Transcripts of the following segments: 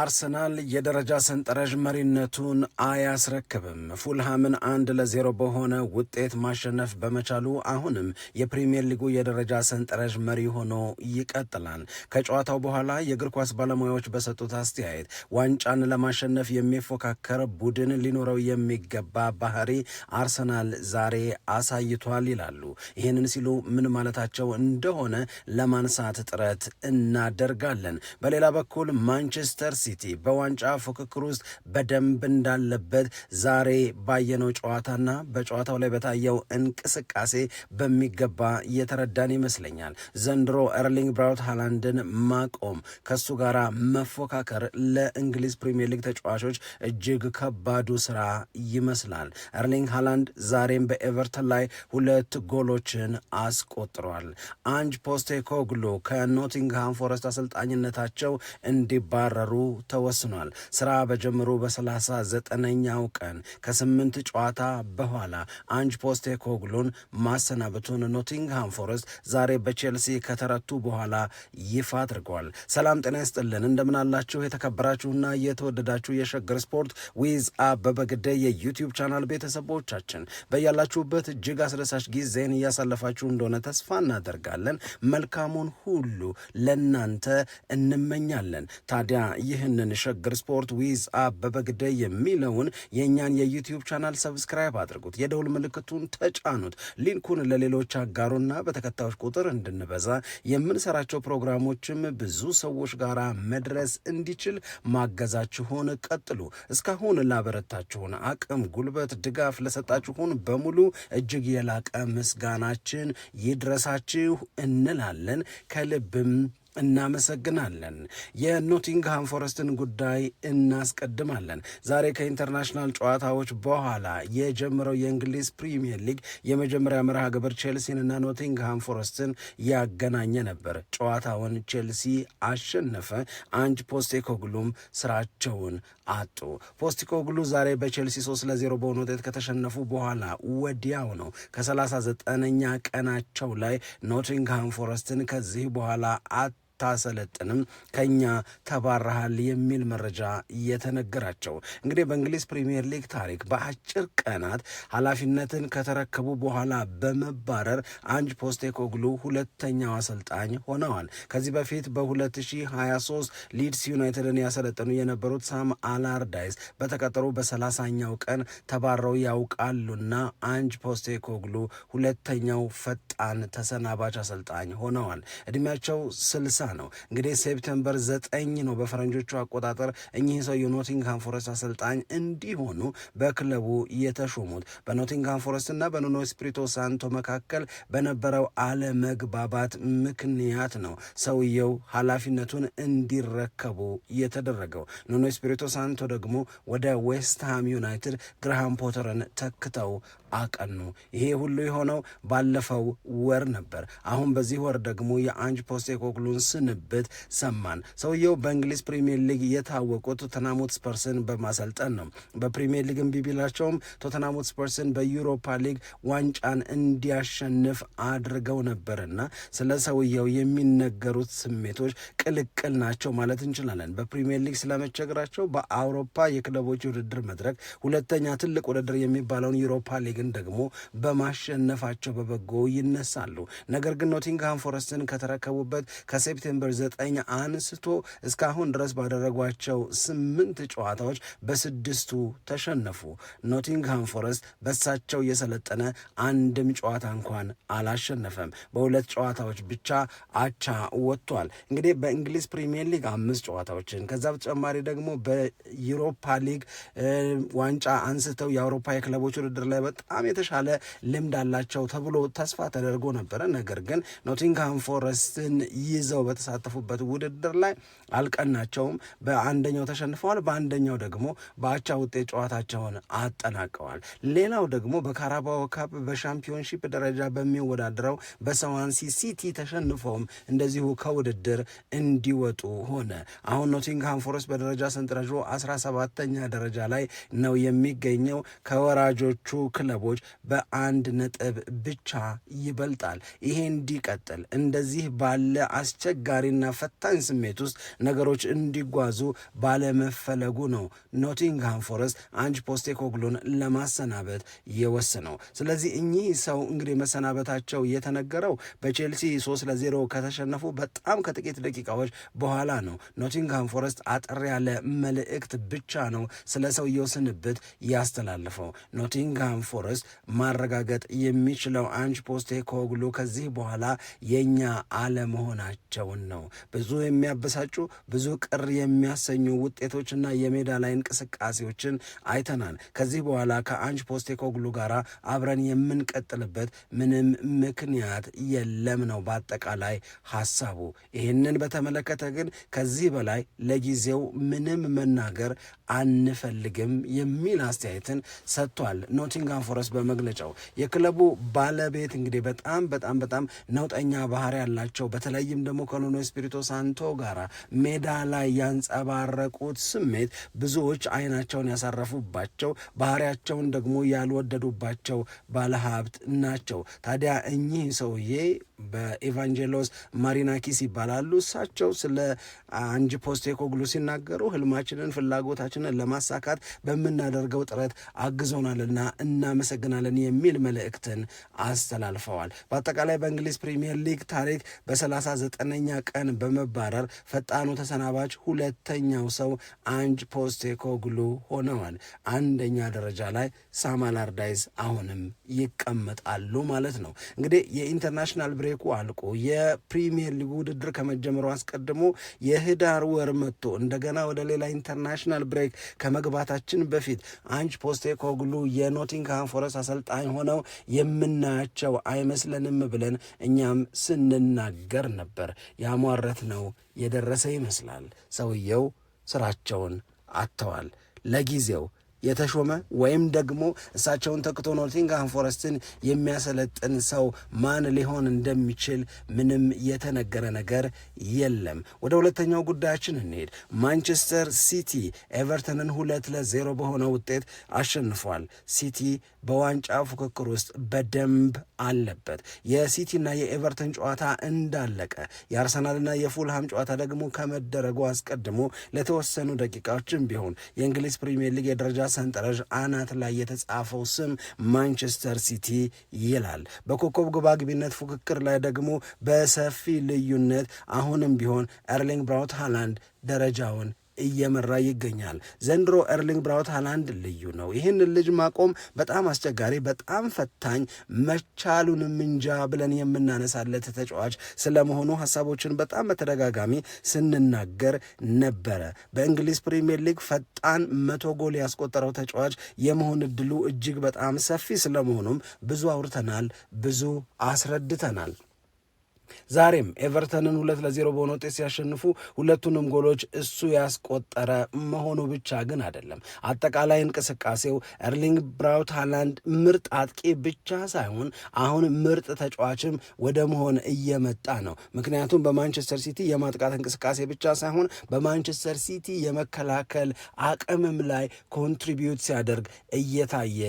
አርሰናል የደረጃ ሰንጠረዥ መሪነቱን አያስረክብም። ፉልሃምን አንድ ለዜሮ በሆነ ውጤት ማሸነፍ በመቻሉ አሁንም የፕሪምየር ሊጉ የደረጃ ሰንጠረዥ መሪ ሆኖ ይቀጥላል። ከጨዋታው በኋላ የእግር ኳስ ባለሙያዎች በሰጡት አስተያየት ዋንጫን ለማሸነፍ የሚፎካከር ቡድን ሊኖረው የሚገባ ባህሪ አርሰናል ዛሬ አሳይቷል ይላሉ። ይህንን ሲሉ ምን ማለታቸው እንደሆነ ለማንሳት ጥረት እናደርጋለን። በሌላ በኩል ማንቸስተር ሲቲ በዋንጫ ፉክክር ውስጥ በደንብ እንዳለበት ዛሬ ባየነው ጨዋታና በጨዋታው ላይ በታየው እንቅስቃሴ በሚገባ እየተረዳን ይመስለኛል። ዘንድሮ ኤርሊንግ ብራውት ሃላንድን ማቆም ከሱ ጋር መፎካከር ለእንግሊዝ ፕሪምየር ሊግ ተጫዋቾች እጅግ ከባዱ ስራ ይመስላል። ኤርሊንግ ሃላንድ ዛሬም በኤቨርተን ላይ ሁለት ጎሎችን አስቆጥሯል። አንጅ ፖስቴኮግሉ ከኖቲንግሃም ፎረስት አሰልጣኝነታቸው እንዲባረሩ ተወስኗል። ስራ በጀምሩ በሰላሳ ዘጠነኛው ቀን ከስምንት ጨዋታ በኋላ አንጅ ኮግሎን ማሰናበቱን ኖቲንግሃም ፎረስት ዛሬ በቼልሲ ከተረቱ በኋላ ይፋ አድርጓል ሰላም ጤና ይስጥልን፣ እንደምናላችሁ የተከበራችሁና የተወደዳችሁ የሸገር ስፖርት ዊዝ አበበ ግደይ የዩቲዩብ ቻናል ቤተሰቦቻችን በያላችሁበት እጅግ አስደሳች ጊዜን እያሳለፋችሁ እንደሆነ ተስፋ እናደርጋለን። መልካሙን ሁሉ ለእናንተ እንመኛለን። ታዲያ ይህ ይህንን ሸግር ስፖርት ዊዝ አበበ ግደይ የሚለውን የእኛን የዩቲዩብ ቻናል ሰብስክራይብ አድርጉት፣ የደውል ምልክቱን ተጫኑት፣ ሊንኩን ለሌሎች አጋሩና በተከታዮች ቁጥር እንድንበዛ የምንሰራቸው ፕሮግራሞችም ብዙ ሰዎች ጋር መድረስ እንዲችል ማገዛችሁን ቀጥሉ። እስካሁን ላበረታችሁን አቅም፣ ጉልበት፣ ድጋፍ ለሰጣችሁን በሙሉ እጅግ የላቀ ምስጋናችን ይድረሳችሁ እንላለን ከልብም እናመሰግናለን። የኖቲንግሃም ፎረስትን ጉዳይ እናስቀድማለን። ዛሬ ከኢንተርናሽናል ጨዋታዎች በኋላ የጀመረው የእንግሊዝ ፕሪሚየር ሊግ የመጀመሪያ መርሃ ግብር ቼልሲንና ኖቲንግሃም ፎረስትን ያገናኘ ነበር። ጨዋታውን ቼልሲ አሸነፈ። አንጅ ፖስቴኮግሉም ስራቸውን አጡ። ፖስቴኮግሉ ዛሬ በቼልሲ 3 ለ0 በሆነ ውጤት ከተሸነፉ በኋላ ወዲያው ነው ከ39ኛ ቀናቸው ላይ ኖቲንግሃም ፎረስትን ከዚህ በኋላ አ አታሰለጥንም ከኛ ተባረሃል የሚል መረጃ የተነገራቸው እንግዲህ በእንግሊዝ ፕሪምየር ሊግ ታሪክ በአጭር ቀናት ኃላፊነትን ከተረከቡ በኋላ በመባረር አንጅ ፖስቴኮግሉ ሁለተኛው አሰልጣኝ ሆነዋል። ከዚህ በፊት በ2023 ሊድስ ዩናይትድን ያሰለጠኑ የነበሩት ሳም አላርዳይስ በተቀጠሩ በሰላሳኛው ቀን ተባረው ያውቃሉና አንጅ ፖስቴኮግሉ ሁለተኛው ፈጣን ተሰናባች አሰልጣኝ ሆነዋል። ዕድሜያቸው ስልሳ ነው። እንግዲህ ሴፕተምበር ዘጠኝ ነው በፈረንጆቹ አቆጣጠር እኚህ ሰው የኖቲንግሃም ፎረስት አሰልጣኝ እንዲሆኑ በክለቡ የተሾሙት። በኖቲንግሃም ፎረስት ፎረስትና በኑኖ ስፕሪቶ ሳንቶ መካከል በነበረው አለመግባባት ምክንያት ነው ሰውየው ኃላፊነቱን እንዲረከቡ የተደረገው። ኑኖ ስፕሪቶ ሳንቶ ደግሞ ወደ ዌስትሃም ዩናይትድ ግርሃም ፖተርን ተክተው አቀኑ። ይሄ ሁሉ የሆነው ባለፈው ወር ነበር። አሁን በዚህ ወር ደግሞ የአንጅ ፖስቴ ኮግሉን ስንብት ሰማን። ሰውየው በእንግሊዝ ፕሪሚየር ሊግ የታወቁት ቶተንሃም ሆትስፐርስን በማሰልጠን ነው። በፕሪሚየር ሊግ እምቢ ቢላቸውም ቶተንሃም ሆትስፐርስን በዩሮፓ ሊግ ዋንጫን እንዲያሸንፍ አድርገው ነበርና ስለ ሰውየው የሚነገሩት ስሜቶች ቅልቅል ናቸው ማለት እንችላለን። በፕሪሚየር ሊግ ስለመቸገራቸው፣ በአውሮፓ የክለቦች ውድድር መድረክ ሁለተኛ ትልቅ ውድድር የሚባለውን ዩሮፓ ሊግን ደግሞ በማሸነፋቸው በበጎ ይነሳሉ። ነገር ግን ኖቲንግሃም ፎረስትን ከተረከቡበት ከሴፕ ከሴፕቴምበር 9 አንስቶ እስካሁን ድረስ ባደረጓቸው ስምንት ጨዋታዎች በስድስቱ ተሸነፉ። ኖቲንግሃም ፎረስት በሳቸው የሰለጠነ አንድም ጨዋታ እንኳን አላሸነፈም። በሁለት ጨዋታዎች ብቻ አቻ ወጥቷል። እንግዲህ በእንግሊዝ ፕሪሚየር ሊግ አምስት ጨዋታዎችን ከዛ በተጨማሪ ደግሞ በዩሮፓ ሊግ ዋንጫ አንስተው የአውሮፓ የክለቦች ውድድር ላይ በጣም የተሻለ ልምድ አላቸው ተብሎ ተስፋ ተደርጎ ነበረ። ነገር ግን ኖቲንግሃም ፎረስትን ይዘው በተሳተፉበት ውድድር ላይ አልቀናቸውም። በአንደኛው ተሸንፈዋል፣ በአንደኛው ደግሞ በአቻ ውጤት ጨዋታቸውን አጠናቀዋል። ሌላው ደግሞ በካራባዎ ካፕ በሻምፒዮንሺፕ ደረጃ በሚወዳደረው በሰዋንሲ ሲቲ ተሸንፈውም እንደዚሁ ከውድድር እንዲወጡ ሆነ። አሁን ኖቲንግሃም ፎረስት በደረጃ ሰንጠረዡ አስራ ሰባተኛ ደረጃ ላይ ነው የሚገኘው ከወራጆቹ ክለቦች በአንድ ነጥብ ብቻ ይበልጣል። ይሄ እንዲቀጥል እንደዚህ ባለ አስቸግ አስቸጋሪና ፈታኝ ስሜት ውስጥ ነገሮች እንዲጓዙ ባለመፈለጉ ነው ኖቲንግሃም ፎረስት አንጅ ፖስቴኮግሉን ለማሰናበት የወሰነው። ስለዚህ እኚህ ሰው እንግዲህ መሰናበታቸው የተነገረው በቼልሲ ሶስት ለዜሮ ከተሸነፉ በጣም ከጥቂት ደቂቃዎች በኋላ ነው። ኖቲንግሃም ፎረስት አጠር ያለ መልእክት ብቻ ነው ስለ ሰውየው ስንብት ያስተላልፈው። ኖቲንግሃም ፎረስት ማረጋገጥ የሚችለው አንጅ ፖስቴኮግሉ ከዚህ በኋላ የእኛ አለመሆናቸው አሁን ነው። ብዙ የሚያበሳጩ ብዙ ቅር የሚያሰኙ ውጤቶችና የሜዳ ላይ እንቅስቃሴዎችን አይተናል። ከዚህ በኋላ ከአንጅ ፖስቴኮግሉ ጋር አብረን የምንቀጥልበት ምንም ምክንያት የለም ነው በአጠቃላይ ሀሳቡ። ይህንን በተመለከተ ግን ከዚህ በላይ ለጊዜው ምንም መናገር አንፈልግም የሚል አስተያየትን ሰጥቷል። ኖቲንጋም ፎረስት በመግለጫው የክለቡ ባለቤት እንግዲህ በጣም በጣም በጣም ነውጠኛ ባህሪ ያላቸው በተለይም ደግሞ ከካኑን ስፒሪቶ ሳንቶ ጋራ ሜዳ ላይ ያንጸባረቁት ስሜት ብዙዎች አይናቸውን ያሳረፉባቸው ባህሪያቸውን ደግሞ ያልወደዱባቸው ባለሀብት ናቸው። ታዲያ እኚህ ሰውዬ በኤቫንጀሎስ ማሪናኪስ ይባላሉ። እሳቸው ስለ አንጅ ፖስቴኮግሉ ሲናገሩ ህልማችንን፣ ፍላጎታችንን ለማሳካት በምናደርገው ጥረት አግዞናልና እናመሰግናለን የሚል መልእክትን አስተላልፈዋል። በአጠቃላይ በእንግሊዝ ፕሪምየር ሊግ ታሪክ በሰላሳ ዘጠነኛ ቀን በመባረር ፈጣኑ ተሰናባች ሁለተኛው ሰው አንጅ ፖስቴኮግሉ ሆነዋል። አንደኛ ደረጃ ላይ ሳም አላርዳይስ አሁንም ይቀመጣሉ ማለት ነው። እንግዲህ የኢንተርናሽናል ብሬኩ አልቆ የፕሪሚየር ሊግ ውድድር ከመጀመሩ አስቀድሞ የህዳር ወር መጥቶ እንደገና ወደ ሌላ ኢንተርናሽናል ብሬክ ከመግባታችን በፊት አንጅ ፖስቴኮግሉ የኖቲንግሃም ፎረስ አሰልጣኝ ሆነው የምናያቸው አይመስለንም ብለን እኛም ስንናገር ነበር። ያሟረት ነው የደረሰ ይመስላል። ሰውየው ስራቸውን አጥተዋል ለጊዜው የተሾመ ወይም ደግሞ እሳቸውን ተክቶ ኖቲንግሃም ፎረስትን የሚያሰለጥን ሰው ማን ሊሆን እንደሚችል ምንም የተነገረ ነገር የለም። ወደ ሁለተኛው ጉዳያችን እንሄድ። ማንቸስተር ሲቲ ኤቨርተንን ሁለት ለዜሮ በሆነ ውጤት አሸንፏል። ሲቲ በዋንጫ ፉክክር ውስጥ በደንብ አለበት። የሲቲና የኤቨርተን ጨዋታ እንዳለቀ የአርሰናልና የፉልሃም ጨዋታ ደግሞ ከመደረጉ አስቀድሞ ለተወሰኑ ደቂቃዎችም ቢሆን የእንግሊዝ ፕሪሚየር ሊግ የደረጃ ሰንጠረዥ አናት ላይ የተጻፈው ስም ማንቸስተር ሲቲ ይላል። በኮከብ ግብ አግቢነት ፉክክር ላይ ደግሞ በሰፊ ልዩነት አሁንም ቢሆን ኤርሊንግ ብራውት ሃላንድ ደረጃውን እየመራ ይገኛል። ዘንድሮ ኤርሊንግ ብራውት ሃላንድ ልዩ ነው። ይህን ልጅ ማቆም በጣም አስቸጋሪ፣ በጣም ፈታኝ፣ መቻሉንም እንጃ ብለን የምናነሳለት ተጫዋች ስለመሆኑ ሀሳቦችን በጣም በተደጋጋሚ ስንናገር ነበረ። በእንግሊዝ ፕሪምየር ሊግ ፈጣን መቶ ጎል ያስቆጠረው ተጫዋች የመሆን እድሉ እጅግ በጣም ሰፊ ስለመሆኑም ብዙ አውርተናል፣ ብዙ አስረድተናል። ዛሬም ኤቨርተንን ሁለት ለዜሮ በሆነ ውጤት ሲያሸንፉ ሁለቱንም ጎሎች እሱ ያስቆጠረ መሆኑ ብቻ ግን አይደለም። አጠቃላይ እንቅስቃሴው ኤርሊንግ ብራውት ሃላንድ ምርጥ አጥቂ ብቻ ሳይሆን አሁን ምርጥ ተጫዋችም ወደ መሆን እየመጣ ነው። ምክንያቱም በማንቸስተር ሲቲ የማጥቃት እንቅስቃሴ ብቻ ሳይሆን በማንቸስተር ሲቲ የመከላከል አቅምም ላይ ኮንትሪቢዩት ሲያደርግ እየታየ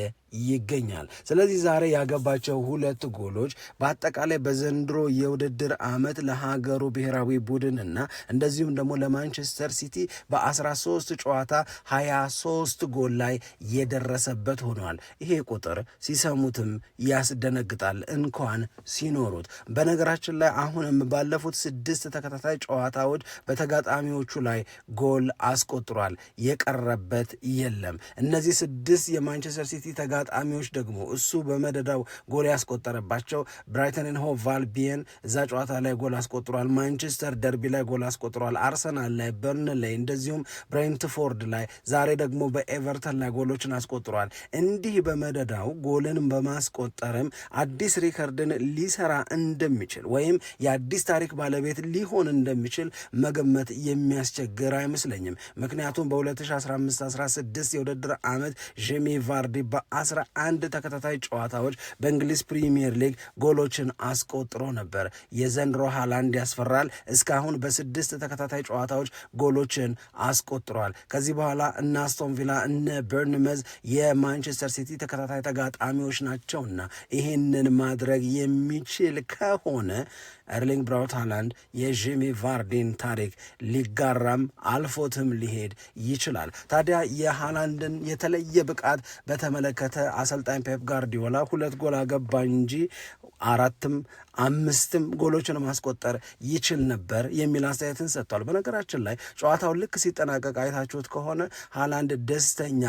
ይገኛል። ስለዚህ ዛሬ ያገባቸው ሁለት ጎሎች በአጠቃላይ በዘንድሮ የውድድር ዓመት ለሀገሩ ብሔራዊ ቡድን እና እንደዚሁም ደግሞ ለማንቸስተር ሲቲ በ13 ጨዋታ 23 ጎል ላይ የደረሰበት ሆኗል። ይሄ ቁጥር ሲሰሙትም ያስደነግጣል እንኳን ሲኖሩት። በነገራችን ላይ አሁንም ባለፉት ስድስት ተከታታይ ጨዋታዎች በተጋጣሚዎቹ ላይ ጎል አስቆጥሯል። የቀረበት የለም። እነዚህ ስድስት የማንቸስተር ሲቲ ተጋ አጋጣሚዎች ደግሞ እሱ በመደዳው ጎል ያስቆጠረባቸው ብራይተንን ሆ ቫልቢየን እዛ ጨዋታ ላይ ጎል አስቆጥሯል። ማንቸስተር ደርቢ ላይ ጎል አስቆጥሯል። አርሰናል ላይ፣ በርን ላይ እንደዚሁም ብሬንትፎርድ ላይ፣ ዛሬ ደግሞ በኤቨርተን ላይ ጎሎችን አስቆጥሯል። እንዲህ በመደዳው ጎልን በማስቆጠርም አዲስ ሪከርድን ሊሰራ እንደሚችል ወይም የአዲስ ታሪክ ባለቤት ሊሆን እንደሚችል መገመት የሚያስቸግር አይመስለኝም። ምክንያቱም በ2015/16 የውድድር ዓመት ጄሚ ቫርዲ በአስ አስራ አንድ ተከታታይ ጨዋታዎች በእንግሊዝ ፕሪሚየር ሊግ ጎሎችን አስቆጥሮ ነበር። የዘንድሮ ሃላንድ ያስፈራል። እስካሁን በስድስት ተከታታይ ጨዋታዎች ጎሎችን አስቆጥሯል። ከዚህ በኋላ እነ አስቶን ቪላ እነ በርንመዝ የማንቸስተር ሲቲ ተከታታይ ተጋጣሚዎች ናቸውና ይህንን ማድረግ የሚችል ከሆነ ኤርሊንግ ብራውት ሃላንድ የጄሚ ቫርዲን ታሪክ ሊጋራም አልፎትም ሊሄድ ይችላል። ታዲያ የሃላንድን የተለየ ብቃት በተመለከተ አሰልጣኝ ፔፕ ጋርዲዮላ ሁለት ጎል አገባ እንጂ አራትም አምስትም ጎሎችን ማስቆጠር ይችል ነበር የሚል አስተያየትን ሰጥቷል። በነገራችን ላይ ጨዋታው ልክ ሲጠናቀቅ አይታችሁት ከሆነ ሃላንድ ደስተኛ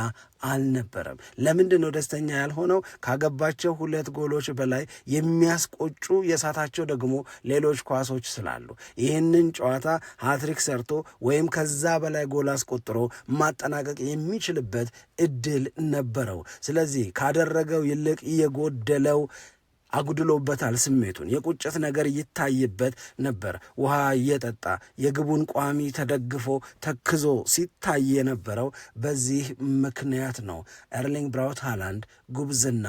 አልነበረም። ለምንድን ነው ደስተኛ ያልሆነው? ካገባቸው ሁለት ጎሎች በላይ የሚያስቆጩ የሳታቸው ደግሞ ሌሎች ኳሶች ስላሉ ይህንን ጨዋታ ሃትሪክ ሰርቶ ወይም ከዛ በላይ ጎል አስቆጥሮ ማጠናቀቅ የሚችልበት እድል ነበረው። ስለዚህ ካደረገው ይልቅ የጎደለው አጉድሎበታል። ስሜቱን የቁጭት ነገር ይታይበት ነበር። ውሃ እየጠጣ የግቡን ቋሚ ተደግፎ ተክዞ ሲታይ የነበረው በዚህ ምክንያት ነው። ኤርሊንግ ብራውት ሃላንድ ጉብዝና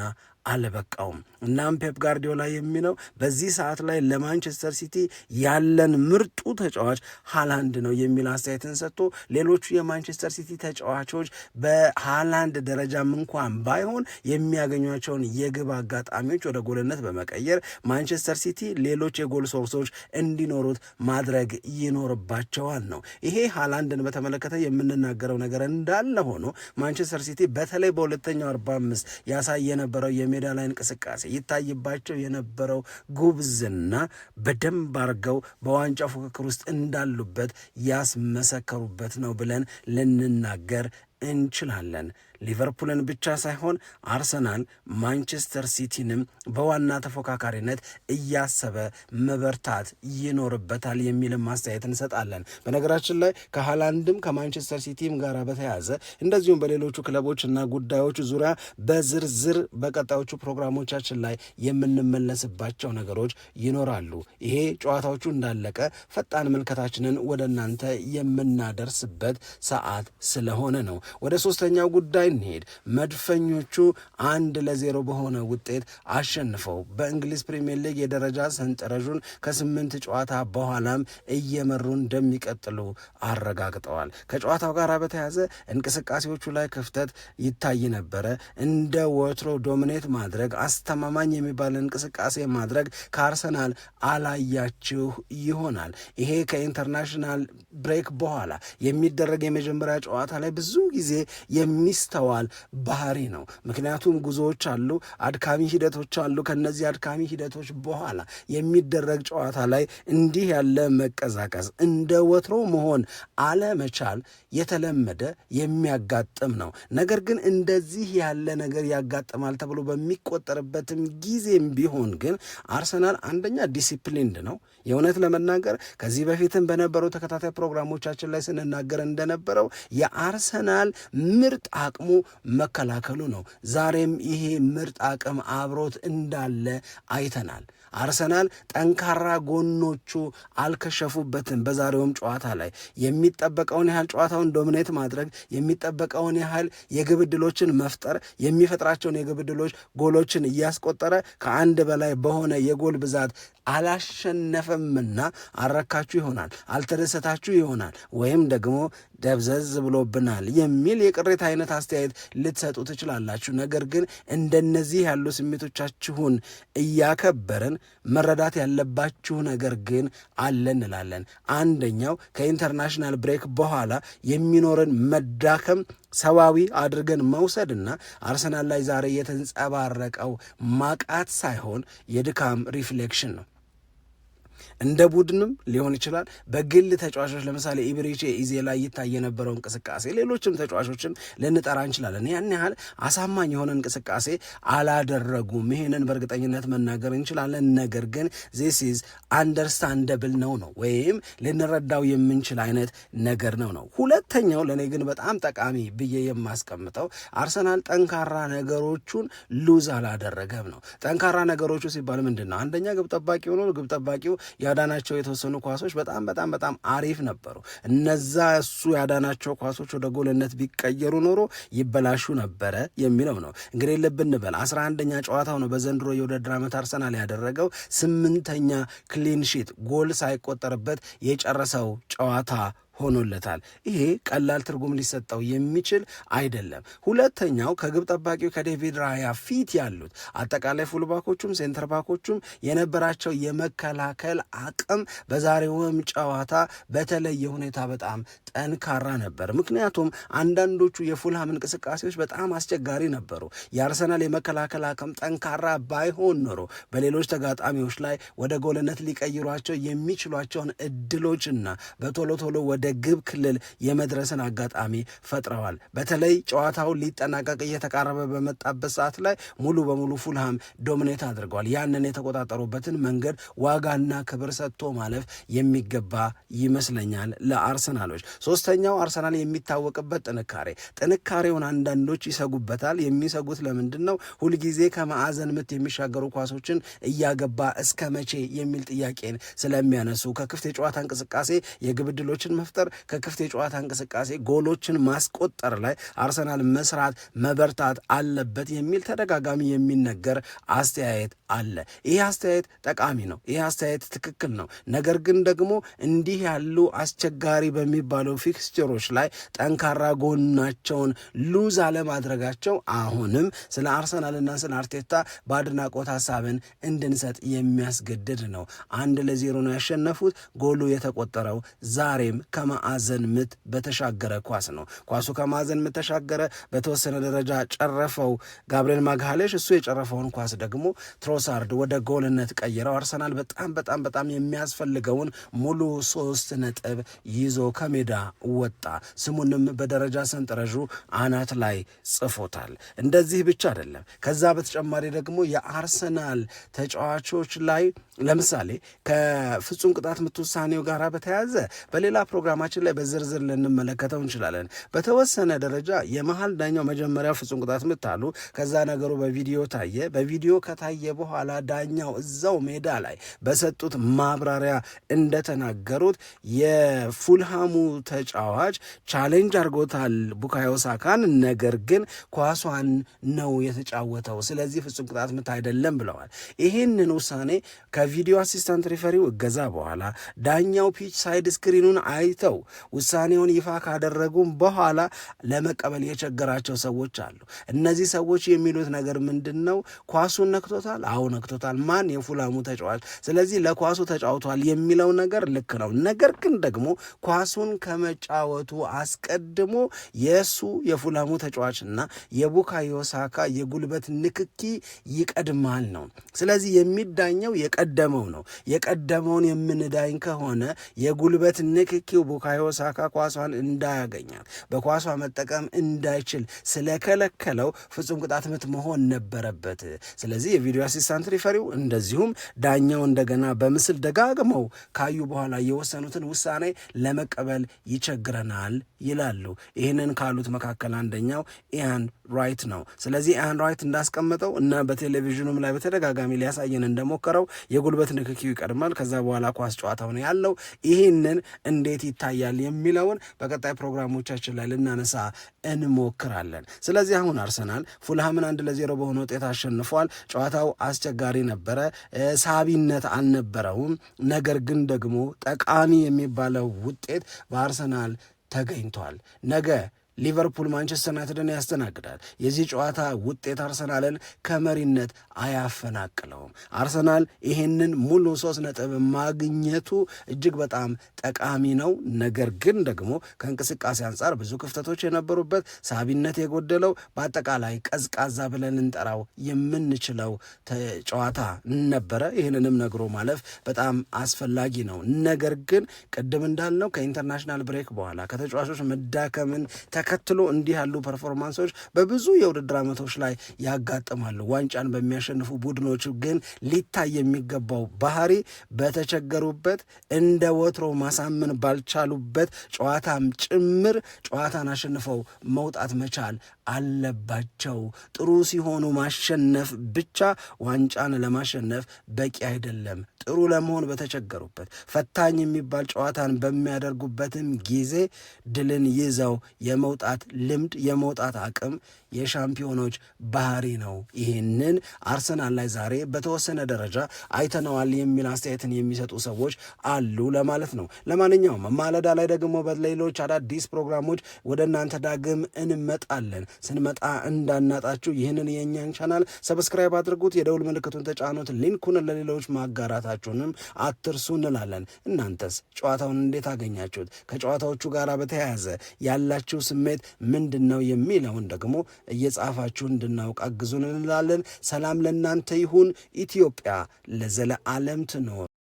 አልበቃውም። እናም ፔፕ ጋርዲዮላ የሚለው በዚህ ሰዓት ላይ ለማንቸስተር ሲቲ ያለን ምርጡ ተጫዋች ሃላንድ ነው የሚል አስተያየትን ሰጥቶ ሌሎቹ የማንቸስተር ሲቲ ተጫዋቾች በሃላንድ ደረጃም እንኳን ባይሆን የሚያገኟቸውን የግብ አጋጣሚዎች ወደ ጎልነት በመቀየር ማንቸስተር ሲቲ ሌሎች የጎል ሶርሶች እንዲኖሩት ማድረግ ይኖርባቸዋል ነው። ይሄ ሃላንድን በተመለከተ የምንናገረው ነገር እንዳለ ሆኖ ማንቸስተር ሲቲ በተለይ በሁለተኛው 45 ያሳየ የነበረው የሜዳ ላይ እንቅስቃሴ ይታይባቸው የነበረው ጉብዝና በደንብ አርገው በዋንጫ ፉክክር ውስጥ እንዳሉበት ያስመሰከሩበት ነው ብለን ልንናገር እንችላለን። ሊቨርፑልን ብቻ ሳይሆን አርሰናል፣ ማንቸስተር ሲቲንም በዋና ተፎካካሪነት እያሰበ መበርታት ይኖርበታል የሚልም ማስተያየት እንሰጣለን። በነገራችን ላይ ከሃላንድም ከማንቸስተር ሲቲም ጋር በተያያዘ እንደዚሁም በሌሎቹ ክለቦች እና ጉዳዮች ዙሪያ በዝርዝር በቀጣዮቹ ፕሮግራሞቻችን ላይ የምንመለስባቸው ነገሮች ይኖራሉ። ይሄ ጨዋታዎቹ እንዳለቀ ፈጣን ምልከታችንን ወደ እናንተ የምናደርስበት ሰዓት ስለሆነ ነው። ወደ ሶስተኛው ጉዳይ እንሄድ። መድፈኞቹ አንድ ለዜሮ በሆነ ውጤት አሸንፈው በእንግሊዝ ፕሪምየር ሊግ የደረጃ ሰንጠረዡን ከስምንት ጨዋታ በኋላም እየመሩ እንደሚቀጥሉ አረጋግጠዋል። ከጨዋታው ጋር በተያዘ እንቅስቃሴዎቹ ላይ ክፍተት ይታይ ነበረ። እንደ ወትሮ ዶሚኔት ማድረግ፣ አስተማማኝ የሚባል እንቅስቃሴ ማድረግ ከአርሰናል አላያችሁ ይሆናል። ይሄ ከኢንተርናሽናል ብሬክ በኋላ የሚደረግ የመጀመሪያ ጨዋታ ላይ ብዙ ጊዜ የሚስተ ማስተዋል ባህሪ ነው። ምክንያቱም ጉዞዎች አሉ፣ አድካሚ ሂደቶች አሉ። ከነዚህ አድካሚ ሂደቶች በኋላ የሚደረግ ጨዋታ ላይ እንዲህ ያለ መቀዛቀዝ፣ እንደ ወትሮ መሆን አለመቻል የተለመደ የሚያጋጥም ነው። ነገር ግን እንደዚህ ያለ ነገር ያጋጥማል ተብሎ በሚቆጠርበትም ጊዜም ቢሆን ግን አርሰናል አንደኛ ዲሲፕሊንድ ነው። የእውነት ለመናገር ከዚህ በፊትም በነበሩ ተከታታይ ፕሮግራሞቻችን ላይ ስንናገር እንደነበረው የአርሰናል ምርጥ አቅሙ አቅሙ መከላከሉ ነው። ዛሬም ይሄ ምርጥ አቅም አብሮት እንዳለ አይተናል። አርሰናል ጠንካራ ጎኖቹ አልከሸፉበትም። በዛሬውም ጨዋታ ላይ የሚጠበቀውን ያህል ጨዋታውን ዶሚኔት ማድረግ የሚጠበቀውን ያህል የግብ ዕድሎችን መፍጠር የሚፈጥራቸውን የግብ ዕድሎች ጎሎችን እያስቆጠረ ከአንድ በላይ በሆነ የጎል ብዛት አላሸነፈምና አረካችሁ ይሆናል፣ አልተደሰታችሁ ይሆናል ወይም ደግሞ ደብዘዝ ብሎብናል የሚል የቅሬታ አይነት አስተያየት ልትሰጡ ትችላላችሁ። ነገር ግን እንደነዚህ ያሉ ስሜቶቻችሁን እያከበርን መረዳት ያለባችሁ ነገር ግን አለ እንላለን። አንደኛው ከኢንተርናሽናል ብሬክ በኋላ የሚኖርን መዳከም ሰዋዊ አድርገን መውሰድና አርሰናል ላይ ዛሬ የተንጸባረቀው ማቃት ሳይሆን የድካም ሪፍሌክሽን ነው። እንደ ቡድንም ሊሆን ይችላል። በግል ተጫዋቾች ለምሳሌ ኢብሬቼ ኢዜ ላይ ይታይ የነበረው እንቅስቃሴ፣ ሌሎችም ተጫዋቾችን ልንጠራ እንችላለን። ያን ያህል አሳማኝ የሆነ እንቅስቃሴ አላደረጉም። ይሄንን በእርግጠኝነት መናገር እንችላለን። ነገር ግን ዚስ ኢዝ አንደርስታንደብል ነው ነው ወይም ልንረዳው የምንችል አይነት ነገር ነው ነው። ሁለተኛው ለእኔ ግን በጣም ጠቃሚ ብዬ የማስቀምጠው አርሰናል ጠንካራ ነገሮቹን ሉዝ አላደረገም ነው። ጠንካራ ነገሮቹ ሲባል ምንድን ነው? አንደኛ ግብ ጠባቂው ነው። ግብ ጠባቂው ያዳናቸው የተወሰኑ ኳሶች በጣም በጣም በጣም አሪፍ ነበሩ። እነዛ እሱ ያዳናቸው ኳሶች ወደ ጎልነት ቢቀየሩ ኖሮ ይበላሹ ነበረ የሚለው ነው። እንግዲህ ልብ እንበል አስራ አንደኛ ጨዋታው ነው በዘንድሮ የውድድር ዓመት አርሰናል ያደረገው ስምንተኛ ክሊንሺት ጎል ሳይቆጠርበት የጨረሰው ጨዋታ ሆኖለታል። ይሄ ቀላል ትርጉም ሊሰጠው የሚችል አይደለም። ሁለተኛው ከግብ ጠባቂው ከዴቪድ ራያ ፊት ያሉት አጠቃላይ ፉልባኮቹም ሴንተር ባኮቹም የነበራቸው የመከላከል አቅም በዛሬውም ጨዋታ በተለየ ሁኔታ በጣም ጠንካራ ነበር። ምክንያቱም አንዳንዶቹ የፉልሃም እንቅስቃሴዎች በጣም አስቸጋሪ ነበሩ። የአርሰናል የመከላከል አቅም ጠንካራ ባይሆን ኖሮ በሌሎች ተጋጣሚዎች ላይ ወደ ጎልነት ሊቀይሯቸው የሚችሏቸውን እድሎችና በቶሎ ቶሎ ወደ ወደ ግብ ክልል የመድረስን አጋጣሚ ፈጥረዋል። በተለይ ጨዋታው ሊጠናቀቅ እየተቃረበ በመጣበት ሰዓት ላይ ሙሉ በሙሉ ፉልሃም ዶሚኔት አድርገዋል። ያንን የተቆጣጠሩበትን መንገድ ዋጋና ክብር ሰጥቶ ማለፍ የሚገባ ይመስለኛል ለአርሰናሎች። ሶስተኛው አርሰናል የሚታወቅበት ጥንካሬ ጥንካሬውን አንዳንዶች ይሰጉበታል። የሚሰጉት ለምንድን ነው? ሁልጊዜ ከማዕዘን ምት የሚሻገሩ ኳሶችን እያገባ እስከ መቼ የሚል ጥያቄን ስለሚያነሱ ከክፍት የጨዋታ እንቅስቃሴ የግብድሎችን መፍ መፍጠር፣ ከክፍት የጨዋታ እንቅስቃሴ ጎሎችን ማስቆጠር ላይ አርሰናል መስራት መበርታት አለበት የሚል ተደጋጋሚ የሚነገር አስተያየት አለ። ይህ አስተያየት ጠቃሚ ነው። ይህ አስተያየት ትክክል ነው። ነገር ግን ደግሞ እንዲህ ያሉ አስቸጋሪ በሚባሉ ፊክስቸሮች ላይ ጠንካራ ጎናቸውን ሉዝ አለማድረጋቸው አሁንም ስለ አርሰናልና ስለ አርቴታ በአድናቆት ሀሳብን እንድንሰጥ የሚያስገድድ ነው። አንድ ለዜሮ ነው ያሸነፉት። ጎሉ የተቆጠረው ዛሬም ከ ከማዕዘን ምት በተሻገረ ኳስ ነው። ኳሱ ከማዕዘን ምት ተሻገረ፣ በተወሰነ ደረጃ ጨረፈው ጋብርኤል ማግሃሌሽ። እሱ የጨረፈውን ኳስ ደግሞ ትሮሳርድ ወደ ጎልነት ቀይረው አርሰናል በጣም በጣም በጣም የሚያስፈልገውን ሙሉ ሶስት ነጥብ ይዞ ከሜዳ ወጣ። ስሙንም በደረጃ ሰንጠረዡ አናት ላይ ጽፎታል። እንደዚህ ብቻ አይደለም። ከዛ በተጨማሪ ደግሞ የአርሰናል ተጫዋቾች ላይ ለምሳሌ ከፍጹም ቅጣት ምት ውሳኔው ጋር በተያያዘ በሌላ ፕሮግራም ፕሮግራማችን ላይ በዝርዝር ልንመለከተው እንችላለን። በተወሰነ ደረጃ የመሀል ዳኛው መጀመሪያ ፍጹም ቅጣት ምት አሉ። ከዛ ነገሩ በቪዲዮ ታየ። በቪዲዮ ከታየ በኋላ ዳኛው እዛው ሜዳ ላይ በሰጡት ማብራሪያ እንደተናገሩት የፉልሃሙ ተጫዋች ቻሌንጅ አድርጎታል ቡካዮ ሳካን፣ ነገር ግን ኳሷን ነው የተጫወተው፣ ስለዚህ ፍጹም ቅጣት ምት አይደለም ብለዋል። ይህንን ውሳኔ ከቪዲዮ አሲስታንት ሪፈሪው እገዛ በኋላ ዳኛው ፒች ሳይድ ስክሪኑን አይተ ቆይተው ውሳኔውን ይፋ ካደረጉም በኋላ ለመቀበል የቸገራቸው ሰዎች አሉ። እነዚህ ሰዎች የሚሉት ነገር ምንድን ነው? ኳሱን ነክቶታል። አዎ ነክቶታል። ማን? የፉላሙ ተጫዋች። ስለዚህ ለኳሱ ተጫውቷል የሚለው ነገር ልክ ነው። ነገር ግን ደግሞ ኳሱን ከመጫወቱ አስቀድሞ የእሱ የፉላሙ ተጫዋችና የቡካዮ ሳካ የጉልበት ንክኪ ይቀድማል ነው። ስለዚህ የሚዳኘው የቀደመው ነው። የቀደመውን የምንዳኝ ከሆነ የጉልበት ንክኪው ሳካ ኳሷን እንዳያገኛት በኳሷ መጠቀም እንዳይችል ስለከለከለው ፍጹም ቅጣት ምት መሆን ነበረበት። ስለዚህ የቪዲዮ አሲስታንት ሪፈሪው እንደዚሁም ዳኛው እንደገና በምስል ደጋግመው ካዩ በኋላ የወሰኑትን ውሳኔ ለመቀበል ይቸግረናል ይላሉ። ይህንን ካሉት መካከል አንደኛው ኢያን ራይት ነው። ስለዚህ ኢያን ራይት እንዳስቀመጠው እና በቴሌቪዥኑም ላይ በተደጋጋሚ ሊያሳየን እንደሞከረው የጉልበት ንክኪው ይቀድማል። ከዛ በኋላ ኳስ ጨዋታው ነው ያለው። ይህንን እንዴት ይታያል የሚለውን በቀጣይ ፕሮግራሞቻችን ላይ ልናነሳ እንሞክራለን። ስለዚህ አሁን አርሰናል ፉልሃምን አንድ ለዜሮ በሆነ ውጤት አሸንፏል። ጨዋታው አስቸጋሪ ነበረ፣ ሳቢነት አልነበረውም። ነገር ግን ደግሞ ጠቃሚ የሚባለው ውጤት በአርሰናል ተገኝቷል። ነገ ሊቨርፑል ማንቸስተር ዩናይትድን ያስተናግዳል። የዚህ ጨዋታ ውጤት አርሰናልን ከመሪነት አያፈናቅለውም። አርሰናል ይህንን ሙሉ ሶስት ነጥብ ማግኘቱ እጅግ በጣም ጠቃሚ ነው። ነገር ግን ደግሞ ከእንቅስቃሴ አንጻር ብዙ ክፍተቶች የነበሩበት ሳቢነት የጎደለው በአጠቃላይ ቀዝቃዛ ብለን ልንጠራው የምንችለው ጨዋታ ነበረ። ይህንንም ነግሮ ማለፍ በጣም አስፈላጊ ነው። ነገር ግን ቅድም እንዳልነው ከኢንተርናሽናል ብሬክ በኋላ ከተጫዋቾች መዳከምን ተከትሎ እንዲህ ያሉ ፐርፎርማንሶች በብዙ የውድድር ዓመቶች ላይ ያጋጥማሉ። ዋንጫን በሚያሸንፉ ቡድኖች ግን ሊታይ የሚገባው ባህሪ በተቸገሩበት እንደ ወትሮ ማሳመን ባልቻሉበት ጨዋታም ጭምር ጨዋታን አሸንፈው መውጣት መቻል አለባቸው። ጥሩ ሲሆኑ ማሸነፍ ብቻ ዋንጫን ለማሸነፍ በቂ አይደለም። ጥሩ ለመሆን በተቸገሩበት ፈታኝ የሚባል ጨዋታን በሚያደርጉበትም ጊዜ ድልን ይዘው የመውጣት ልምድ፣ የመውጣት አቅም የሻምፒዮኖች ባህሪ ነው። ይህንን አርሰናል ላይ ዛሬ በተወሰነ ደረጃ አይተነዋል የሚል አስተያየትን የሚሰጡ ሰዎች አሉ ለማለት ነው። ለማንኛውም ማለዳ ላይ ደግሞ በሌሎች አዳዲስ ፕሮግራሞች ወደ እናንተ ዳግም እንመጣለን። ስንመጣ እንዳናጣችሁ ይህንን የእኛን ቻናል ሰብስክራይብ አድርጉት፣ የደውል ምልክቱን ተጫኑት፣ ሊንኩን ለሌሎች ማጋራታችሁንም አትርሱ እንላለን። እናንተስ ጨዋታውን እንዴት አገኛችሁት? ከጨዋታዎቹ ጋር በተያያዘ ያላችሁ ስሜት ምንድን ነው የሚለውን ደግሞ እየጻፋችሁ እንድናውቅ አግዙን እንላለን። ሰላም ለእናንተ ይሁን። ኢትዮጵያ ለዘለዓለም ትኖር።